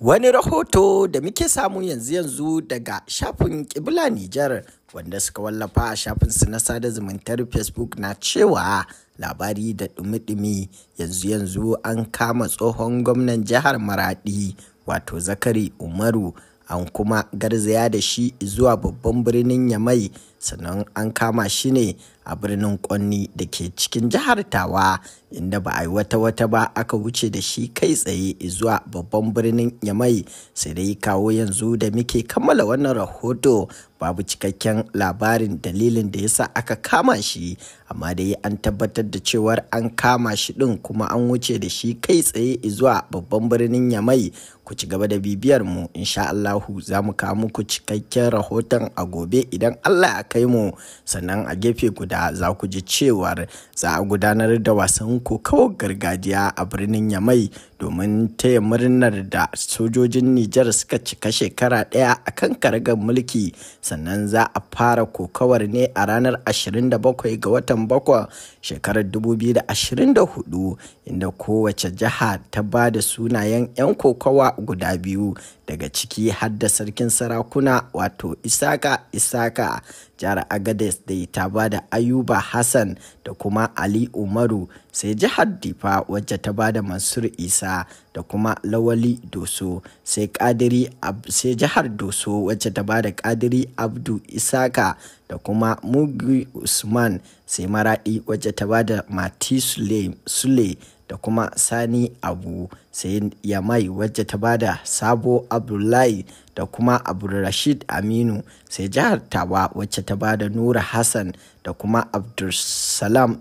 Wani rahoto da muke samu yanzu-yanzu daga shafin Kibla Nijar wanda suka wallafa a shafin su na sada zumuntar Facebook na cewa labari da dumi-dumi yanzu-yanzu an kama tsohon gwamnan jihar Maradi wato Zakari Umaru an kuma garzaya da shi zuwa babban birnin Yamai sannan an kama shi ne a birnin Kwanni da ke cikin jihar Tawa inda ba a yi wata wata ba aka wuce da shi kai tsaye zuwa babban birnin Yamai sai dai kawo yanzu da muke kammala wannan rahoto babu cikakken labarin dalilin da yasa aka kama shi amma dai an tabbatar da cewar an kama shi din kuma an wuce da shi kai tsaye zuwa babban birnin Yamai ku ci gaba da bibiyar mu insha Allahu za mu kawo muku cikakken rahoton a gobe idan Allah ya kai mu sannan a gefe guda za ku ji cewar za a gudanar da wasan kokawar gargajiya a birnin yamai domin taya murnar da sojojin Nijar suka cika shekara ɗaya a kan karagar mulki sannan za a fara kokawar ne a ranar 27 ga watan bakwa shekarar 2024 inda kowace jiha ta ba da sunayen 'yan kokawa guda biyu daga ciki har da sarkin sarakuna wato isaka isaka jihar agades da ta ba da ayuba hassan da kuma ali umaru sai jihar difa wacce ta ba da mansur isa Bayelsa da kuma Lawali Doso sai Kadiri sai jihar Doso wacce ta bada Kadiri Abdu Isaka da kuma Mugi Usman sai Maradi wacce ta bada Mati Sule, Sule da kuma Sani Abu sai Yamai wacce ta bada Sabo Abdullahi da kuma Abdulrashid Aminu sai jihar Taba wacce ta bada Nura Hassan da kuma Abdulsalam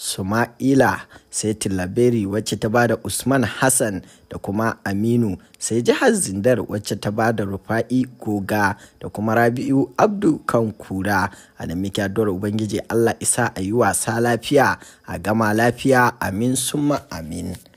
Sumaila sai Tillaberi wacce ta ba da Usman Hassan da kuma Aminu sai jihar Zindar wacce ta ba da Rufa'i Goga da kuma Rabi'u Abdu Kankura a da muke Ubangiji Allah isa a yi wasa lafiya a gama lafiya amin summa amin.